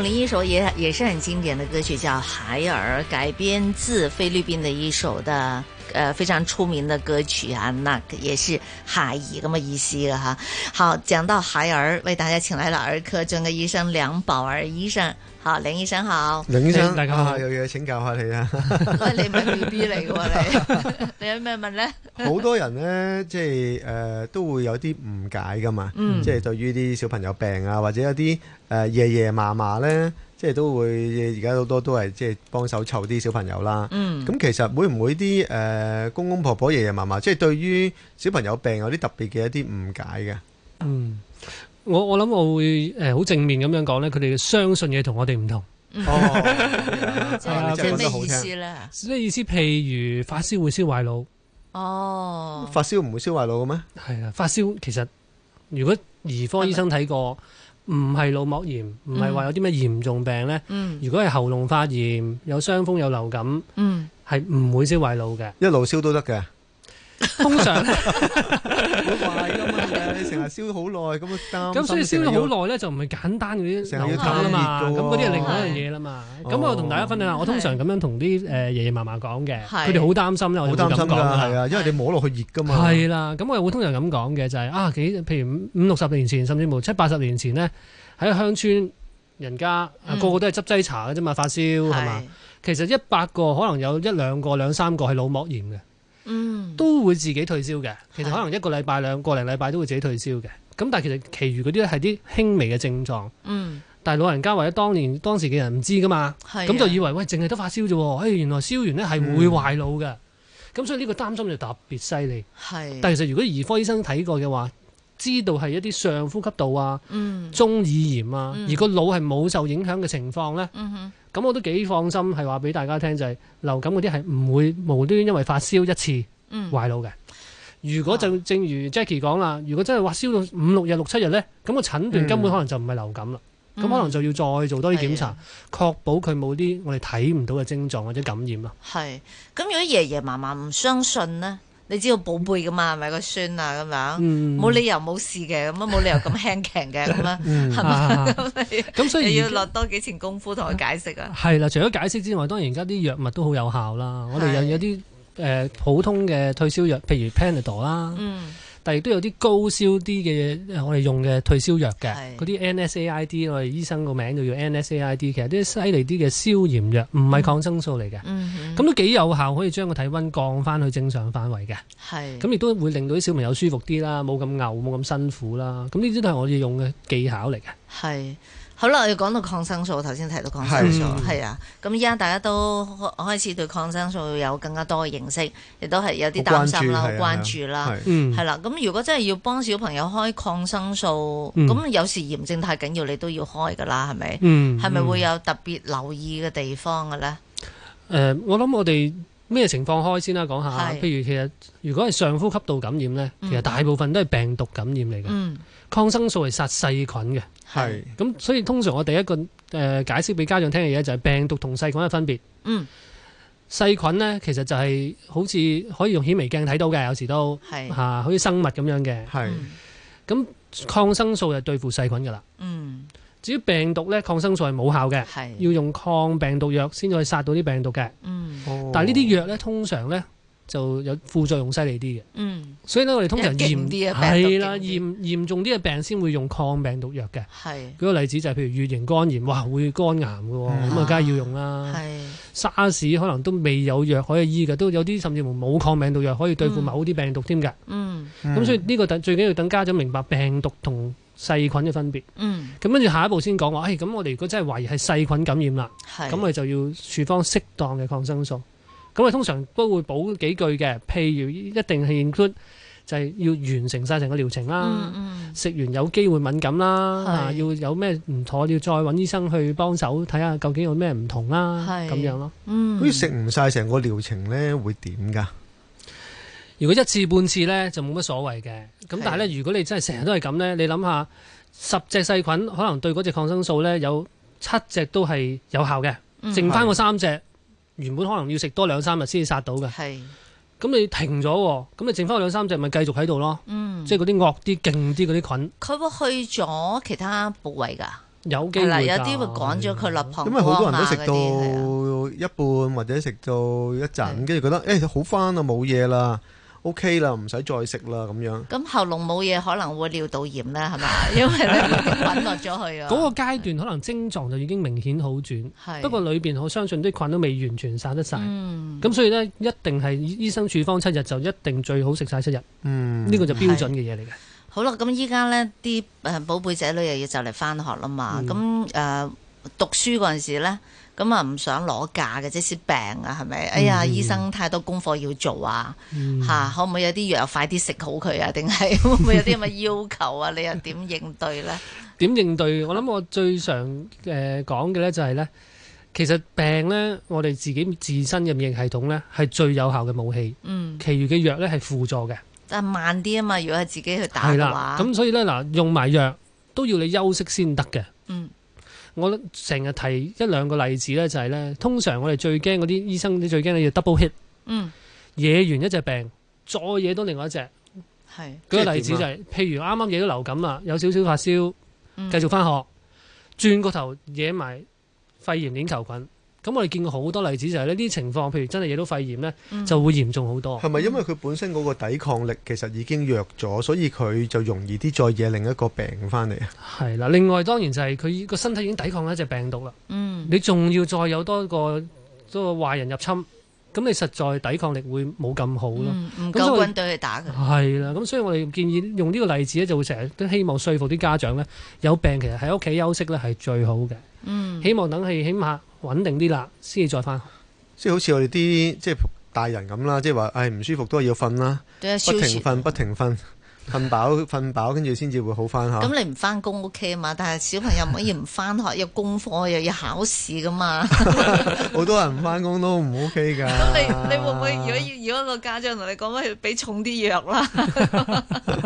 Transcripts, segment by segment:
另一首也也是很經典的歌曲，叫《海爾》，改編自菲律賓的一首的。誒，非常出名嘅歌曲啊，那也是孩兒咁嘅意思啊吓。好，講到孩兒，為大家請來了兒科專科醫生梁寶兒醫生。好，梁醫生好。梁醫生大家好，有嘢請教下你啊。喂，你問 B B 嚟嘅，你你有咩問咧？好多人咧，即係誒都會有啲誤解噶嘛，即係對於啲小朋友病啊，或者有啲誒爺爺嫲嫲咧。即係都會，而家好多都係即係幫手湊啲小朋友啦。咁、嗯、其實會唔會啲誒公公婆婆、爺爺嫲嫲，即係對於小朋友病有啲特別嘅一啲誤解嘅？嗯，我我諗我會誒好正面咁樣講咧，佢哋相信嘅同我哋唔同。即係咩意思咧？咩意思？譬如發燒會燒壞腦。哦，發燒唔會燒壞腦嘅咩？係啦，發燒其實如果兒科醫生睇過。oni 那 buzzer 唔係腦膜炎，唔係話有啲咩嚴重病咧。嗯、如果係喉嚨發炎、有傷風、有流感，係唔、嗯、會燒壞腦嘅，一路燒都得嘅。通常，好怪噶嘛，你成日燒好耐咁啊，擔咁所以燒咗好耐咧，就唔係簡單嗰啲，成日要探熱噶，咁嗰啲係另外一樣嘢啦嘛。咁我同大家分享，我通常咁樣同啲誒爺爺嫲嫲講嘅，佢哋好擔心啦。好擔心係啊，因為你摸落去熱噶嘛。係啦，咁我又會通常咁講嘅，就係啊，幾，譬如五六十年前，甚至乎七八十年前咧，喺鄉村人家個個都係執劑茶嘅啫嘛，發燒係嘛，其實一百個可能有一兩個、兩三個係腦膜炎嘅。嗯，都會自己退燒嘅。其實可能一個禮拜兩個零禮拜都會自己退燒嘅。咁但係其實其餘嗰啲咧，係啲輕微嘅症狀。嗯，但老人家或者當年當時嘅人唔知噶嘛，咁、啊、就以為喂，淨係得發燒啫喎。哎，原來燒完咧，係會壞腦嘅。咁、嗯、所以呢個擔心就特別犀利。係、啊，但係其實如果兒科醫生睇過嘅話。知道係一啲上呼吸道啊、中耳炎啊，而個腦係冇受影響嘅情況呢。咁、嗯、哼我都幾放心，係話俾大家聽就係流感嗰啲係唔會無端因為發燒一次壞腦嘅。如果就正如 Jacky 講啦，如果真係發燒到五六日、六七日呢，咁、個診斷根本可能就唔係流感啦，咁、嗯、哼可能就要再做多啲檢查，嗯、哼確保佢冇啲我哋睇唔到嘅症狀或者感染啦。係，咁如果爺爺嫲嫲唔相信呢。你知道寶貝噶嘛，係咪、嗯、個孫啊咁樣？冇、嗯、理由冇事嘅，咁啊冇理由咁輕嘅，咁、嗯、吧啊係嘛？咁所以你要落多，多幾錢功夫同佢解釋啊。係、嗯、啦，除咗解釋之外，當然而家啲藥物都好有效啦。的我哋有有啲誒普通嘅退燒藥，譬如 Panadol 啦、嗯。但亦都有啲高燒啲嘅，嘢是，ID, 我哋用嘅退燒藥嘅，嗰啲 NSAID 我哋醫生個名就叫 NSAID，其實啲犀利啲嘅消炎藥，唔係抗生素嚟嘅，咁、嗯、哼都幾有效，可以將個體溫降翻去正常範圍嘅，咁亦是都會令到啲小朋友舒服啲啦，冇咁嘔，冇咁辛苦啦，咁呢啲都係我哋用嘅技巧嚟嘅。好啦，我要講到抗生素，頭先提到抗生素，係啊，咁依家大家都開始對抗生素有更加多嘅認識，亦都係有啲擔心啦，好關注啦，係啦。咁如果真係要幫小朋友開抗生素，咁有時炎症太緊要，你都要開噶啦，係咪？係咪會有特別留意嘅地方嘅呢？誒，我諗我哋咩情況開先啦？講下，譬如其實如果係上呼吸道感染呢，其實大部分都係病毒感染嚟嘅。抗生素係殺細菌嘅，係咁是，所以通常我第一個誒、呃、解釋俾家長聽嘅嘢就係病毒同細菌嘅分別。嗯，細菌呢，其實就係好似可以用顯微鏡睇到嘅，有時都係吓是、啊，好似生物咁樣嘅。係咁是、嗯，抗生素就對付細菌噶啦。嗯，至於病毒呢，抗生素係冇效嘅。是要用抗病毒藥先可以殺到啲病毒嘅。嗯，哦、但係呢啲藥呢，通常，常，常呢。就有副作用犀利啲嘅，嗯、所以咧我哋通常嚴啲係啦，嚴嚴重啲嘅病先會用抗病毒藥嘅。舉是個例子就係譬如乙型肝炎，哇會肝癌嘅、啊，咁啊梗係要用啦、啊。是沙士可能都未有藥可以醫嘅，都有啲甚至乎冇抗病毒藥可以對付某啲病毒添㗎。嗯，咁、嗯、所以呢個等最緊要等家長明白病毒同細菌嘅分別。嗯，咁跟住下一步先講話，誒、欸、咁我哋如果真係懷疑係細菌感染啦，咁咪是就要處方適當嘅抗生素。咁啊，通常都會補幾句嘅，譬如一定係 include 就係要完成曬成個療程啦，食完有機會敏感啦，要有咩唔妥要再揾醫生去幫手睇下究竟有咩唔同啦，咁樣咯。嗯，如果食唔曬成個療程咧，會點噶？如果一次半次咧，就冇乜所謂嘅。咁但係咧，如果你真係成日都係咁咧，你諗下十隻細菌，可能對嗰隻抗生素咧有七隻都係有效嘅，剩翻個三隻。原本可能要食多兩三日先至殺到嘅，咁你係停咗，咁你剩翻兩三隻咪繼續喺度咯，嗯、即係嗰啲惡啲、勁啲嗰啲菌。佢會去咗其他部位㗎，有機會，係啦，有啲會趕咗佢落旁邊。咁咪好多人都食到一半的或者食到一陣，跟住的覺得誒、欸、好翻啊，冇嘢啦。O K 啦，唔使、okay、再食啦，咁樣。咁喉嚨冇嘢，可能會尿道炎咧，係嘛？ 因為你滾落咗去啊。嗰 個階段可能症狀就已經明顯好轉，是不過裏邊我相信啲菌都未完全散得晒，嗯。咁所以呢，一定係醫生處方七日就一定最好食晒七日，嗯，呢個就標準嘅嘢嚟嘅。好啦，咁依家呢啲誒寶貝仔女又要就嚟翻學啦嘛，咁誒、嗯呃、讀書嗰陣時咧。咁啊，唔想攞假嘅，即使病啊，係咪？哎呀，嗯、醫生太多功課要做啊，嚇、嗯啊！可唔可以有啲藥快啲食好佢啊？定係會唔會有啲咁嘅要求啊？ 你又點應對呢？點應對？我諗我最常誒講嘅呢就係、是、呢。其實病呢，我哋自己自身嘅免疫系統呢係最有效嘅武器。嗯，其餘嘅藥呢係輔助嘅，但慢啲啊嘛。如果係自己去打嘅話，咁所以呢，嗱，用埋藥都要你休息先得嘅。嗯。我成日提一兩個例子呢，就係、是、呢。通常我哋最驚嗰啲醫生，你最驚你要 double hit，嗯，惹完一隻病，再惹多另外一隻，係是。舉個例子就係、是，啊、譬如啱啱惹到流感啊，有少少發燒，繼續翻學，嗯、轉個頭惹埋肺炎鏈球菌。咁我哋見過好多例子、就係，就係呢啲情況，譬如真係惹到肺炎咧，嗯、就會嚴重好多。係咪因為佢本身嗰個抵抗力其實已經弱咗，所以佢就容易啲再惹另一個病翻嚟啊？係啦，另外當然就係佢個身體已經抵抗緊一隻病毒啦。嗯、你仲要再有多個多個壞人入侵，咁你實在抵抗力會冇咁好咯。唔、嗯、夠軍隊去打嘅。係啦，咁所以我哋建議用呢個例子咧，就會成日都希望說服啲家長咧，有病其實喺屋企休息咧係最好嘅。嗯希望等佢起碼穩定啲啦，先至再翻學。即係好似我哋啲即係大人咁啦，即係話誒唔舒服都係要瞓啦，不停瞓不停瞓。瞓飽瞓飽，跟住先至會好翻下。咁你唔翻工 O K 啊嘛，但係小朋友唔可以唔翻學， 有功課又要考試噶嘛。好 多人唔翻工都唔 O K 噶。咁 你你會唔會如果要如果個家長同你講，不如俾重啲藥啦？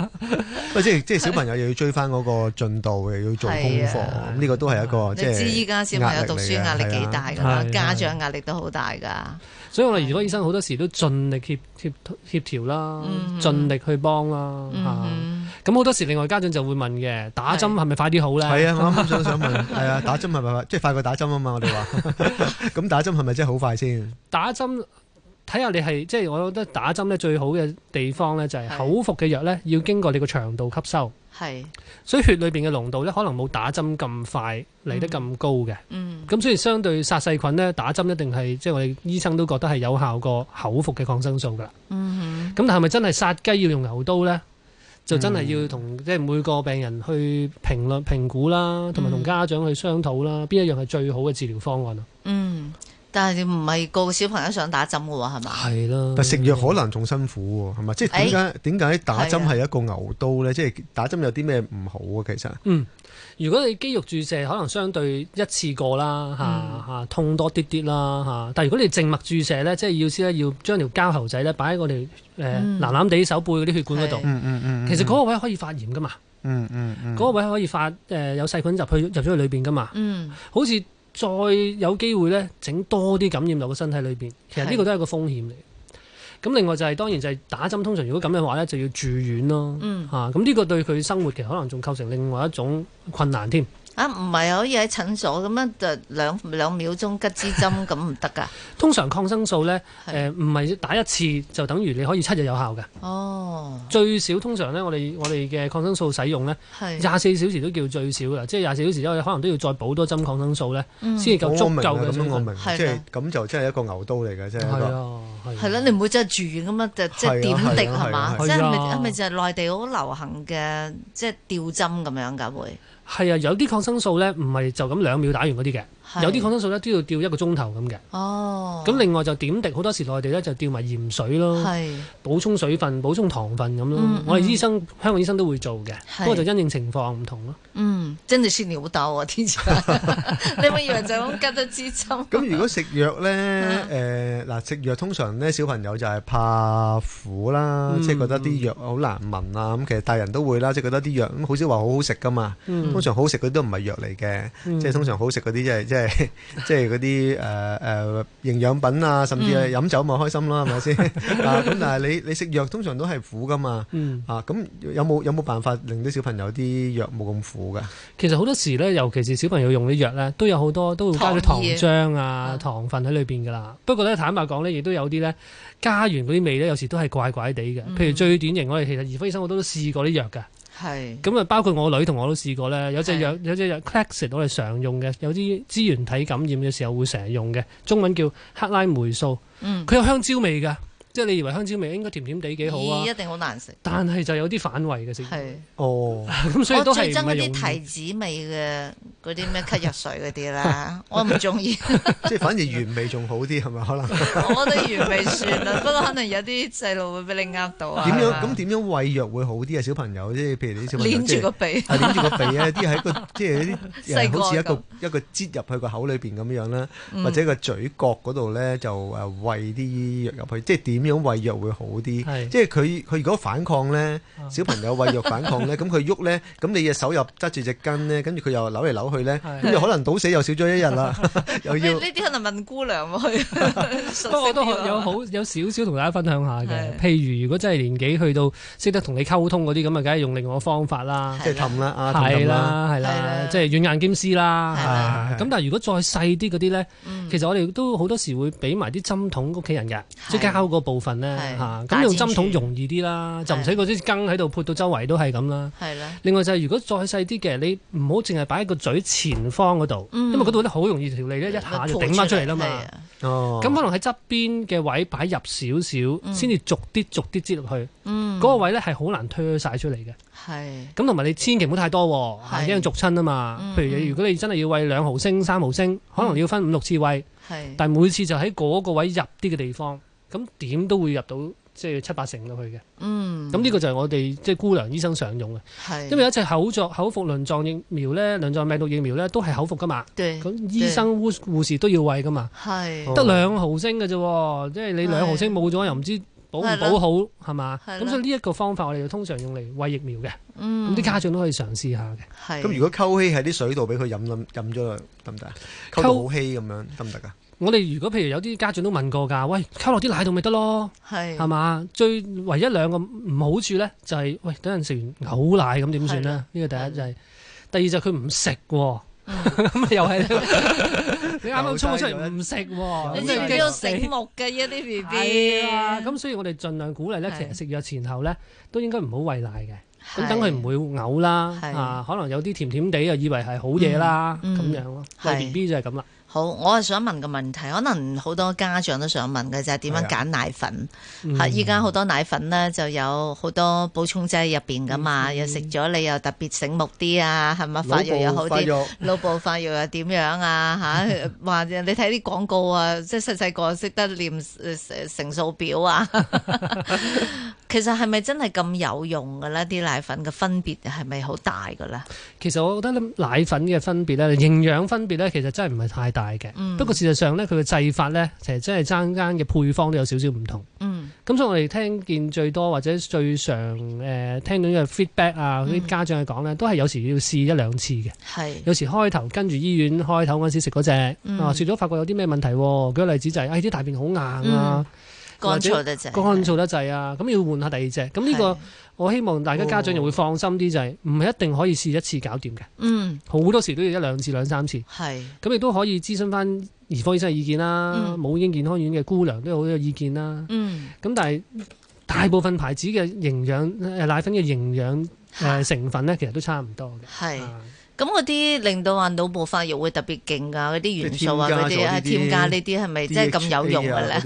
嗯、即係即係小朋友又要追翻嗰個進度，又要做功課，咁呢個都係一個即係依家小朋友讀書壓力幾大噶，啊啊、家長壓力都好大噶。所以我哋如果醫生好多時都盡力協協協，協調啦，盡力去幫啦嚇。咁好、嗯哼啊、多時另外家長就會問嘅，打針係咪快啲好咧？係 啊，我啱啱想想問，係啊，打針係咪快，即係快過打針啊嘛？我哋話，咁打針係咪真係好快先？打針。睇下你係即係，即係、我覺得打針咧最好嘅地方咧就係口服嘅藥咧，要經過你個腸道吸收。係是，所以血裏邊嘅濃度咧，可能冇打針咁快嚟得咁高嘅。嗯，咁、嗯、所以相對殺細菌咧，打針一定係即係我哋醫生都覺得係有效過口服嘅抗生素㗎啦。嗯，咁但係咪真係殺雞要用牛刀咧？就真係要同即係每個病人去評論評估啦，同埋同家長去商討啦，邊一樣係最好嘅治療方案啊、嗯？嗯。但係你唔係個個小朋友想打針嘅喎，係嘛？係啦。但食藥可能仲辛苦喎，係嘛？即係點解點解打針係一個牛刀咧？即係打針有啲咩唔好啊？其實嗯，如果你肌肉注射可能相對一次過啦，嚇嚇痛多啲啲啦，嚇。但係如果你靜脈注射咧，即係要先要將條膠喉仔咧擺喺我哋誒藍藍地手背嗰啲血管嗰度。其實嗰個位可以發炎嘅嘛。嗯，嗰個位可以發誒有細菌入去入咗去裏邊嘅嘛。好似。再有機會咧，整多啲感染落個身體裏邊，其實呢個都係一個風險嚟。咁是另外就係、是、當然就係打針，通常如果咁嘅話咧，就要住院咯。嚇、嗯，咁呢、啊，呢個對佢生活其實可能仲構成另外一種困難添。啊，唔係可以喺診所咁樣就兩兩秒鐘吉之針咁唔得噶？通常抗生素咧，誒，唔係打一次就等於你可以七日有效嘅。哦，最少通常咧，我哋我哋嘅抗生素使用咧，係廿四小時都叫最少啦，即係廿四小時之後可能都要再補多針抗生素咧，先夠足夠嘅。我明啊，咁我明，即係咁就真係一個牛刀嚟嘅啫。係啊，係啦，你唔會真係住院咁樣就即係點滴係嘛？即係咪係咪就係內地好流行嘅即係吊針咁樣嘅會？係啊，有啲抗生素咧，唔係就咁兩秒打完嗰啲嘅。有啲抗生素咧都要吊一個鐘頭咁嘅。哦。咁另外就點滴，好多時內地咧就吊埋鹽水咯，補充水分、補充糖分咁咯。我哋醫生香港醫生都會做嘅，不過就因應情況唔同咯。嗯，真係先尿多，天你唔好以為就咁跟得之針。咁如果食藥咧，誒嗱，食藥通常咧小朋友就係怕苦啦，即係覺得啲藥好難聞啊。咁其實大人都會啦，即係覺得啲藥咁好少話好好食㗎嘛。通常好食嗰啲都唔係藥嚟嘅，即係通常好食嗰啲即係。 即係即係嗰啲誒誒營養品啊，甚至係飲酒咪開心咯，係咪先？咁但係你你食藥通常都係苦噶嘛？嗯、啊，咁有冇有冇辦法令啲小朋友啲藥冇咁苦噶？其實好多時咧，尤其是小朋友用啲藥咧，都有好多都會加咗糖漿啊、糖分喺裏邊噶啦。不過咧，坦白講咧，亦都有啲咧加完嗰啲味咧，有時都係怪怪地嘅。譬如最典型、嗯、我哋，其實兒科醫生我都試過啲藥噶。係，咁啊是，包括我女同我都試過咧，有隻藥，有隻藥 Klacid 是我哋常用嘅，有啲支原體感染嘅時候會成日用嘅，中文叫克拉霉素，佢有香蕉味㗎。即係你以為香蕉味應該甜甜地幾好啊？一定好難食。但係就有啲反胃嘅食。係。哦。咁所以都係憎啲提子味嘅嗰啲咩咳藥水嗰啲啦，我唔中意。即係反而原味仲好啲係咪？可能。我覺得原味算啦，不過可能有啲細路會俾你呃到啊。點樣咁點樣餵藥會好啲啊？小朋友即係譬如你小朋友，捏住個鼻。係捏住個鼻啊！啲喺個即係啲細個一個一個擠入去個口裏邊咁樣啦，或者個嘴角嗰度咧就誒餵啲藥入去，即係點？咁樣餵藥會好啲？即係佢佢如果反抗咧，小朋友餵藥反抗咧，咁佢喐咧，咁你嘅手又揸住隻筋咧，跟住佢又扭嚟扭去咧，咁就可能倒死又少咗一日啦。又要呢啲可能問姑娘去，不過我都有好有少少同大家分享下嘅。譬如如果真係年紀去到識得同你溝通嗰啲，咁啊，梗係用另外方法啦。即係氹啦，係啦，係啦，即係軟硬兼施啦。嚇，咁但係如果再細啲嗰啲咧，其實我哋都好多時會俾埋啲針筒屋企人嘅，即係交個部分咧嚇，咁用針筒容易啲啦，就唔使嗰支羹喺度潑到周圍都係咁啦。係咧。另外就係如果再細啲嘅，你唔好淨係擺喺個嘴前方嗰度，因為嗰度咧好容易條脷咧一下就頂翻出嚟啦嘛。哦。咁可能喺側邊嘅位擺入少少，先至逐啲逐啲擠落去。嗯。嗰個位咧係好難推晒出嚟嘅。係。咁同埋你千祈唔好太多，一樣逐親啊嘛。譬如如果你真係要餵兩毫升、三毫升，可能要分五六次餵。但係每次就喺嗰個位入啲嘅地方。咁點都會入到即係七八成落去嘅。嗯。咁呢個就係我哋即係姑娘醫生常用嘅。係。因為一隻口罩口服輪狀疫苗咧，輪狀病毒疫苗咧都係口服噶嘛。咁醫生護士都要喂噶嘛。係。得兩毫升噶啫，即係你兩毫升冇咗又唔知補唔補好係嘛？係。咁所以呢一個方法我哋就通常用嚟喂疫苗嘅。嗯。咁啲家長都可以嘗試下嘅。係。咁如果溝稀喺啲水度俾佢飲飲飲咗得唔得啊？溝到好稀咁樣得唔得啊？我哋如果譬如有啲家長都問過㗎，喂，溝落啲奶度咪得咯，係係嘛？最唯一兩個唔好處咧，就係喂，等陣食完嘔奶咁點算咧？呢個第一。就係第二就佢唔食喎，咁又係你啱啱衝咗出嚟唔食喎，即係幾醒目嘅一啲 B B。係。咁所以我哋盡量鼓勵咧，其實食藥前後咧都應該唔好餵奶嘅，咁等佢唔會嘔啦。啊，可能有啲甜甜地又以為係好嘢啦，咁樣咯，個 B B 就係咁啦。好，我係想問個問題，可能好多家長都想問嘅就係點樣揀奶粉？嚇、哎呀，依家好多奶粉呢，就有好多補充劑入邊噶嘛，嗯、又食咗你又特別醒目啲啊，係咪發育又好啲？腦部發育又點樣啊？嚇，話你睇啲廣告啊，即係細細個識得念乘數表啊， 其實係咪真係咁有用嘅呢？啲奶粉嘅分別係咪好大嘅咧？其實我覺得奶粉嘅分別咧，營養分別咧，其實真係唔係太大。嘅，不過、嗯、事實上咧，佢嘅製法咧，其實真係爭間嘅配方都有少少唔同。嗯，咁所以我哋聽見最多或者最常誒聽到嘅 feedback 啊，嗰啲家長去講咧，嗯、都係有時要試一兩次嘅。係是，有時開頭跟住醫院開頭嗰時食嗰隻，嗯、啊，食咗發覺有啲咩問題。舉個例子就係、是，誒、哎、啲大便好硬啊。嗯。乾燥得滯，乾燥得滯啊！咁要換下第二隻，咁呢個我希望大家家長又會放心啲，就係唔係一定可以試一次搞掂嘅？嗯，好多時都要一兩次、兩三次。係，咁亦都可以諮詢翻兒科醫生嘅意見啦。母嬰健康院嘅姑娘都好有意見啦。嗯，咁但係大部分牌子嘅營養誒奶粉嘅營養誒成分咧，其實都差唔多嘅。係。咁嗰啲令到話腦部發育會特別勁噶嗰啲元素啊，啲係添加呢啲係咪真係咁有用嘅咧？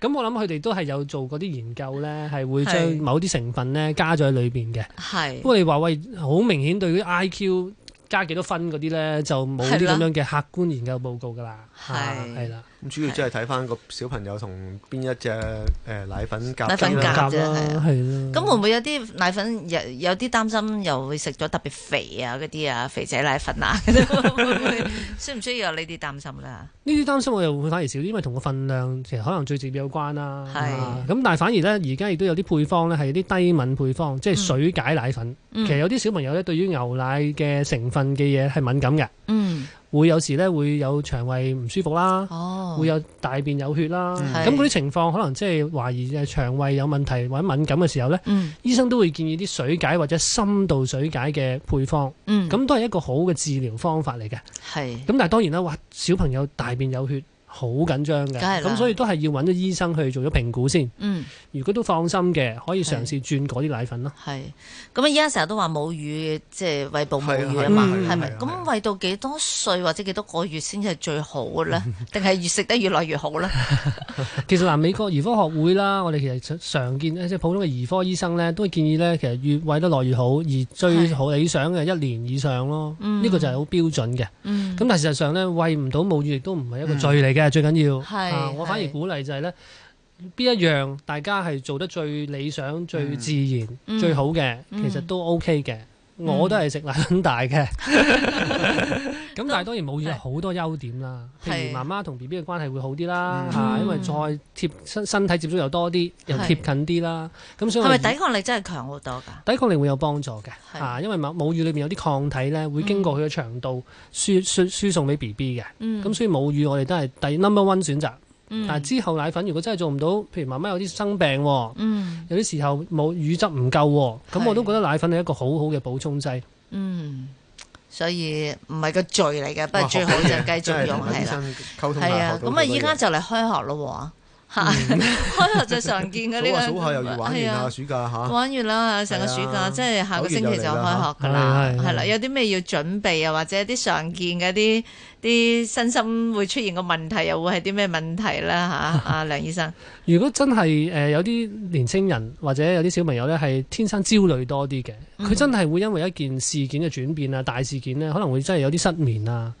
咁些 我諗佢哋都係有做嗰啲研究咧，係會將某啲成分咧加咗喺裏邊嘅。係是，不過你話喂，好明顯對於 IQ 加幾多分嗰啲咧，就冇啲咁樣嘅客觀研究報告噶啦。係的，係啦 主要即係睇翻個小朋友同邊一隻誒奶粉夾，奶粉夾啦，係啦。咁、啊啊、會唔會有啲奶粉有有啲擔心，又會食咗特別肥啊嗰啲啊肥仔奶粉啊？會唔會？需 唔 需要有擔呢啲擔心咧？呢啲擔心我又會反而少，啲，因為同個份量其實可能最直接有關啦、啊。係是。咁、啊、但係反而咧，而家亦都有啲配方咧係啲低敏配方，即、就、係、是、水解奶粉。嗯、其實有啲小朋友咧對於牛奶嘅成分嘅嘢係敏感嘅。嗯會有時咧會有腸胃唔舒服啦，哦、會有大便有血啦，咁嗰啲情況可能即係懷疑係腸胃有問題或者敏感嘅時候咧，嗯、醫生都會建議啲水解或者深度水解嘅配方，咁、嗯、都係一個好嘅治療方法嚟嘅。係。咁但係當然啦，哇，小朋友大便有血。好緊張嘅，咁所以都係要揾咗醫生去做咗評估先。嗯，如果都放心嘅，可以嘗試轉嗰啲奶粉咯。係，咁啊依家成日都話母乳即係餵哺母乳啊嘛，係咪？咁餵到幾多歲或者幾多個月先至係最好嘅呢？定係越食得越耐越好呢？其實嗱，美國兒科學會啦，我哋其實常見即普通嘅兒科醫生呢，都建議呢，其實越餵得耐越好，而最好理想嘅一年以上咯。呢個就係好標準嘅。咁但事實上呢，餵唔到母乳亦都唔係一個罪嚟嘅。最緊要，我反而鼓勵就係、是、咧，邊是一樣大家係做得最理想、是最自然、嗯、最好嘅，嗯、其實都 OK 嘅。嗯、我都係食奶粉大嘅。嗯 咁但係當然母乳好多優點啦，譬如媽媽同 B B 嘅關係會好啲啦，嚇，因為再貼身身體接觸又多啲，又貼近啲啦。咁所以係咪抵抗力真係強好多㗎？抵抗力會有幫助嘅，嚇，因為母乳裏面有啲抗體咧，會經過佢嘅腸道輸輸送俾 B B 嘅。咁所以母乳我哋都係第 number one 選擇。但係之後奶粉如果真係做唔到，譬如媽媽有啲生病，有啲時候母乳汁唔夠，咁我都覺得奶粉係一個好好嘅補充劑。嗯。所以唔係個罪嚟嘅，不過最好就係繼續用係啦。係啊，咁啊依家就嚟開學咯，開學就常見呢啲係啊，暑假玩完啦，成個暑假即係下個星期就開學㗎啦，係啦，有啲咩要準備啊？或者啲常見嘅啲。啲身心會出現個問題，又會係啲咩問題咧？嚇，阿梁醫生， 如果真係誒有啲年青人或者有啲小朋友咧，係天生焦慮多啲嘅，佢、嗯、真係會因為一件事件嘅轉變啊，大事件咧，可能會真係有啲失眠啊，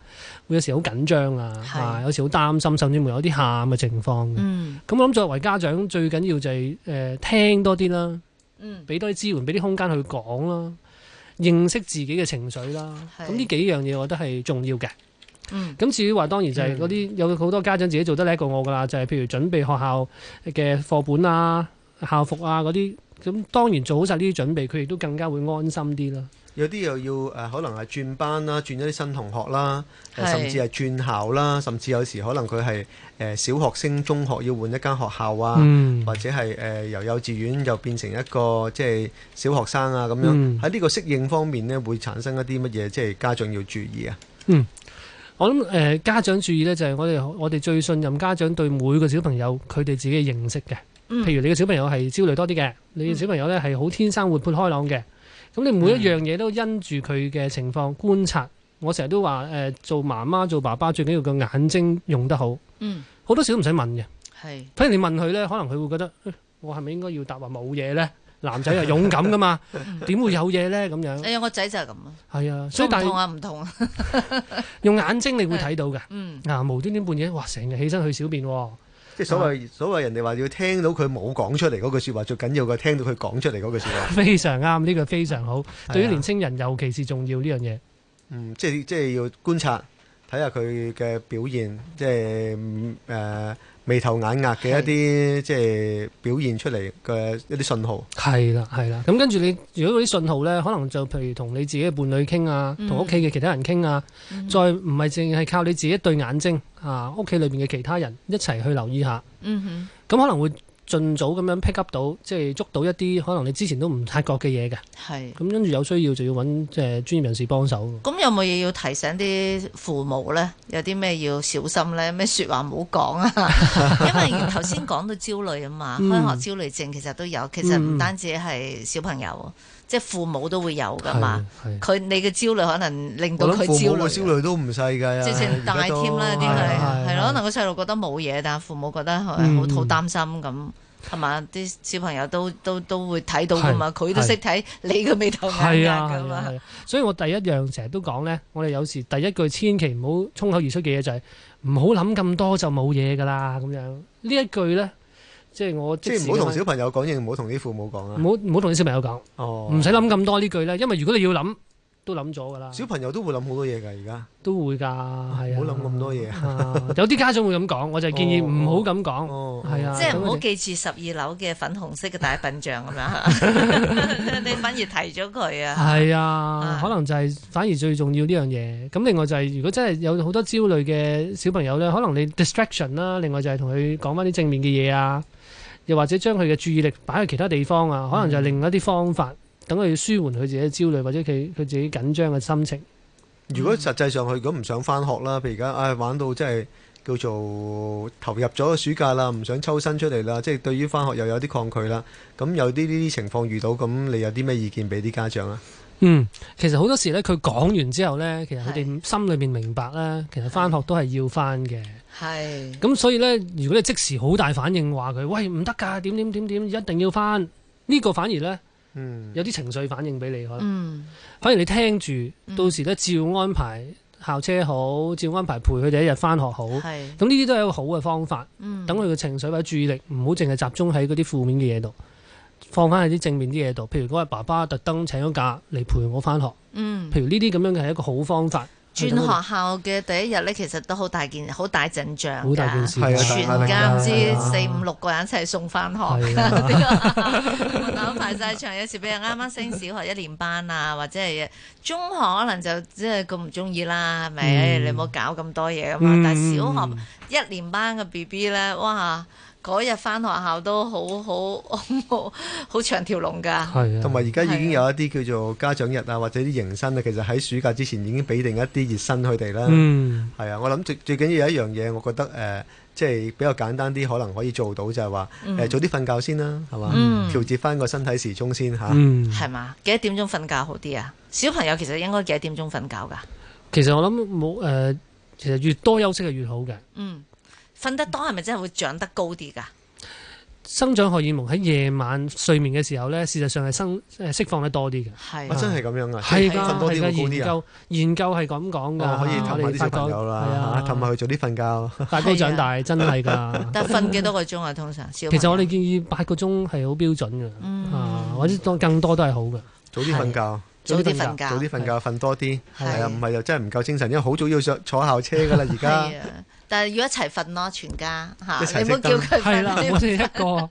會有時好緊張是啊，有時好擔心，甚至乎會有啲喊嘅情況。嗯，咁我諗作為家長最緊要就係誒聽多啲啦，嗯，俾多啲支援，俾啲空間去講啦，認識自己嘅情緒啦。咁呢幾樣嘢，我覺得係重要嘅。嗯，咁至於話當然就係嗰啲有好多家長自己做得叻過我㗎啦，就係、是、譬如準備學校嘅課本啊、校服啊嗰啲，咁當然做好晒呢啲準備，佢亦都更加會安心啲啦。有啲又要誒、呃，可能係轉班啦，轉咗啲新同學啦，呃、甚至係轉校啦，甚至有時可能佢係誒小學升中學要換一間學校啊，嗯、或者係誒、呃、由幼稚園又變成一個即係、就是、小學生啊咁樣。喺呢、嗯、個適應方面呢，會產生一啲乜嘢？即、就、係、是、家長要注意啊。嗯。我諗誒、呃，家長注意咧，就係、是、我哋我哋最信任家長對每個小朋友佢哋自己認識嘅。譬如你嘅小朋友係焦慮多啲嘅，你嘅小朋友咧係好天生活潑開朗嘅。咁你每一樣嘢都因住佢嘅情況觀察。嗯、我成日都話誒、呃，做媽媽做爸爸最緊要個眼睛用得好。嗯，好多時都唔使問嘅。係是，反而你問佢咧，可能佢會覺得我係咪應該要答話冇嘢咧？男仔係，勇敢噶嘛？點 會有嘢咧？咁樣、嗯，誒、 嗯，我個仔就係咁啊。係啊，所以但係唔痛啊，唔痛啊。用眼睛你會睇到嘅。嗯。嗱，無端端半夜，哇，成日起身去小便啊。即係所謂所謂人哋話要聽到佢冇講出嚟嗰句説話最緊要嘅，聽到佢講出嚟嗰句説話。 非常啱，呢、呢個非常好，對於年青人尤其是重要呢樣嘢。嗯，即係即係要觀察。睇下佢嘅表現，即係誒、呃、眉頭眼額嘅一啲，的即係表現出嚟嘅一啲信號。係啦，係啦。咁跟住你，如果嗰啲信號咧，可能就譬如同你自己嘅伴侶傾啊，同屋企嘅其他人傾啊，嗯、哼再唔係淨係靠你自己一對眼睛啊，屋企裏邊嘅其他人一齊去留意下。嗯哼，咁可能會。盡早咁樣 pick up 到，即係捉到一啲可能你之前都唔察覺嘅嘢嘅。係是。咁跟住有需要就要揾即係專業人士幫手。咁有冇嘢要提醒啲父母咧？有啲咩要小心咧？咩説話唔好講啊？ 因為頭先講到焦慮啊嘛，嗯、開學焦慮症其實都有，其實唔單止係小朋友。嗯嗯即係父母都會有㗎嘛，佢是是 你嘅焦慮可能令到佢焦慮，焦慮都唔細㗎。之前大添啦啲係，係咯，可能個細路覺得冇嘢，但係父母覺得係好好擔心咁，係嘛？啲小朋友都都都會睇到㗎嘛，佢都識睇你嘅眉頭，係啊係啊，所以我第一樣成日都講咧，我哋有時第一句千祈唔好衝口而出嘅嘢就係唔好諗咁多就冇嘢㗎啦咁樣。呢一句咧。即係我即係唔好同小朋友講，亦唔好同啲父母講啦。唔好唔好同啲小朋友講，唔使諗咁多呢句啦。因為如果你要諗，都諗咗㗎啦。小朋友都會諗好多嘢㗎，而家都會㗎，係啊。唔好諗咁多嘢。有啲家長會咁講，我就建議唔好咁講。係啊，即係唔好記住十二樓嘅粉紅色嘅大笨象咁樣。你反而提咗佢啊？係啊，可能就係反而最重要呢樣嘢。咁另外就係，如果真係有好多焦慮嘅小朋友咧，可能你 distraction 啦。另外就係同佢講返啲正面嘅嘢啊。又或者將佢嘅注意力擺去其他地方啊，可能就係另一啲方法，等佢舒緩佢自己嘅焦慮或者佢佢自己緊張嘅心情，嗯。如果實際上佢如果唔想翻學啦，譬如而家啊玩到即係叫做投入咗個暑假啦，唔想抽身出嚟啦，即係對於翻學又有啲抗拒啦。咁有啲呢啲情況遇到，咁你有啲咩意見俾啲家長啊？嗯，其實好多時咧，佢講完之後咧，其實佢哋心裏邊明白啦，是其實翻學都係要翻嘅。係，咁是所以咧，如果你即時好大反應話佢，喂唔得㗎，點點點點一定要翻呢，呢個反而咧，嗯、有啲情緒反應俾你可能。嗯、反而你聽住，到時咧照安排校車好，照安排陪佢哋一日翻學好。咁呢啲都係一個好嘅方法。等佢嘅情緒或者注意力唔好淨係集中喺嗰啲負面嘅嘢度，放翻喺啲正面啲嘢度。譬如嗰日爸爸特登請咗假嚟陪我翻學，嗯、譬如呢啲咁樣嘅係一個好方法。轉學校嘅第一日咧，其實都好大件，好大陣仗啊！全家唔知四五六個人一齊送翻學，門口排曬長。有時俾人啱啱升小學一年班啊，或者係中學，可能就即係咁唔鍾意啦，係咪？你冇搞咁多嘢啊嘛！但係小學一年班嘅 BB 咧，哇！嗰日翻學校都好好好長條龍噶同埋而家已經有一啲叫做家長日啊，或者啲迎新啊，其實喺暑假之前已經俾定一啲熱身佢哋啦。係啊、嗯，我諗最最緊要有一樣嘢，我覺得誒、呃，即係比較簡單啲，可能可以做到就係話誒，早啲瞓覺先啦，係嘛，調節翻個身體時鐘先吓，係、啊、嘛、嗯，幾多點鐘瞓覺好啲啊？小朋友其實應該幾多點鐘瞓覺噶？其實我諗冇誒，其實越多休息係越，越好嘅。嗯。瞓得多係咪真係會長得高啲噶？生長荷爾蒙喺夜晚睡眠嘅時候咧，事實上係生誒釋放得多啲嘅。係，真係咁樣啊！係啊，瞓多啲啊，會高啲。研究研究係咁講噶，我可以氹下啲小朋友啦，氹下佢早啲瞓覺。大家長大真係㗎，但係瞓幾多個鐘啊？通常。其實我哋建議八個鐘係好標準嘅，啊，或者多更多都係好嘅。早啲瞓覺，早啲瞓覺，早啲瞓覺，瞓多啲係啊！唔係又真係唔夠精神，因為好早要上坐校車㗎啦，而家。但係要一齊瞓咯，全家吓，你唔好叫佢瞓先，我先一個，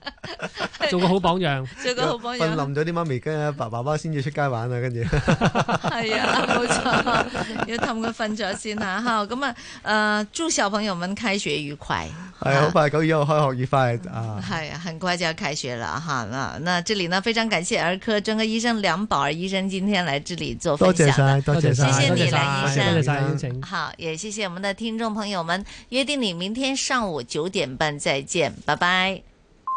做個好榜樣，做個好榜樣，訓冧咗啲媽咪跟阿爸爸爸先至出街玩啊，跟住係啊，冇錯，要氹佢瞓咗先啊，吓，咁啊，誒，祝小朋友們開學愉快，係啊，好快九月一號開學愉快啊，係，很快就要開學啦，吓，那那這裏呢，非常感謝兒科專科醫生梁寶兒醫生今天來這裏做分享，多謝晒，多謝晒，多謝你梁醫生，多謝晒好，也謝謝我們的聽眾朋友們。約定你明天上午九點半再見，拜拜。